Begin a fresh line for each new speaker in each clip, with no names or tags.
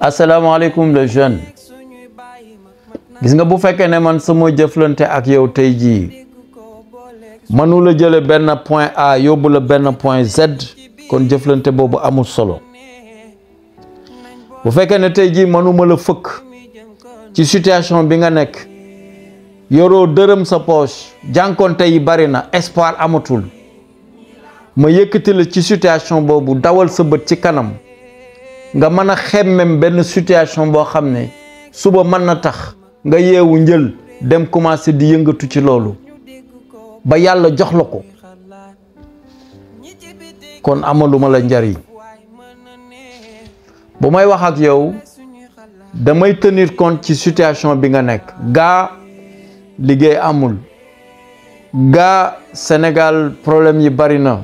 asalaamaaleykum les jeune gis nga bu fekkee ne man sama jëflante ak yow tey jii mënu la jële benn point A yóbbu benn point Z kon jëflante boobu amul solo bu fekkee ne tey jii mënuma la fëkk ci situation bi nga nekk yoroo dërëm sa poche jànkonte tey bari na espoir amatul ma yëkkati ci situation boobu dawal sa bët ci kanam nga mën a xemmem benn situation boo xam ne suba mën na tax nga yeewu njël dem commencé di yëngatu ci loolu ba yàlla jox la ko kon amaluma la njariñ bu may wax ak yow damay tenir compte ci situation bi nga nekk gaa liggéey amul gaa Sénégal problème yi bari na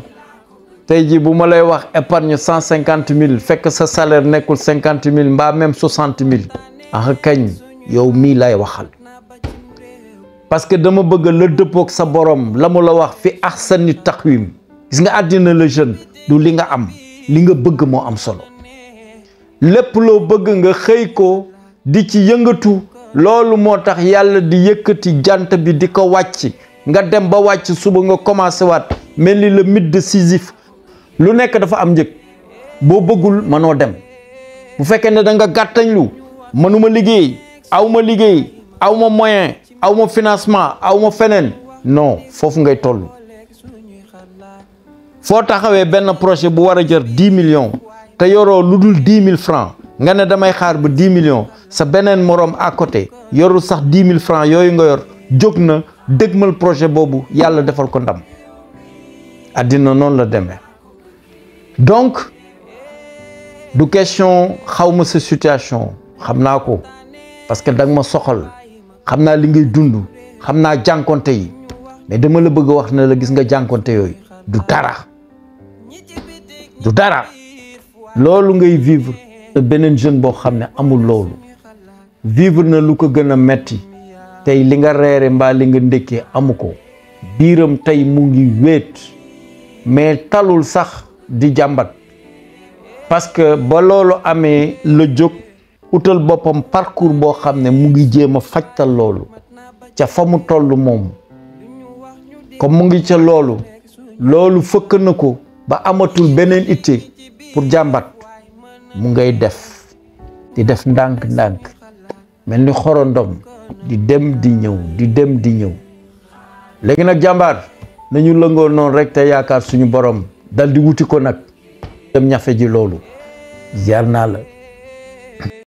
tey jii bu ma lay wax épargne cent cinquante mille fekk sa salaire nekkul cinquante mille mbaa même soixante mille ah kañ yow mii lay waxal parce que dama bëgg la dëppoog sa borom la mu la wax fi ahsani taqwim gis nga àddina la jeune du li nga am li nga bëgg moo am solo lépp loo bëgg nga xëy ko di ci yëngatu loolu moo tax yàlla di yëkkati jant bi di ko wàcc nga dem ba wàcc suba nga commencé waat mel ni le mythe de Sisyphe lu nekk dafa am njëg boo bëggul mënoo dem bu fekkee ne da nga gàttañlu mënuma liggéey aw ma liggéey awma ma moyen aw ma financement aw ma feneen non foofu ngay toll foo taxawee benn projet bu war a jër dix million te yoroo lu dul dix mille francs nga ne damay xaar ba dix million sa beneen moroom à côté yorul sax dix mille francs yooyu nga yor jóg na dëgmal projet boobu yàlla defal ko ndam àddina noonu la demee donc du question xawma sa situation xam naa ko parce que da ma soxal xam naa li ngay dund xam naa jànkonte yi mais dama la bëgg a wax na la gis nga jànkonte yooyu du dara du dara loolu ngay vivre beneen jeune boo xam ne amul loolu vivre na lu ko gën a metti tey li nga reere mbaa li nga ndékkee amu ko biiram tey mu ngi wéet mais talul sax di jàmbat parce que ba loolu amee la jóg utal boppam parcours boo xam ne mu ngi jéem a fajtal loolu ca fa mu toll moom comme mu ngi ca loolu loolu fëkk na ko ba amatul beneen itte pour jàmbat mu ngay def di def ndànk-ndànk mel ni xorondom di dem di ñëw di dem di ñëw léegi nag jàmbaar nañu lëngoo noonu rek te yaakaar suñu borom daldi wuti ko nag dem ñafe ji loolu jaar naa la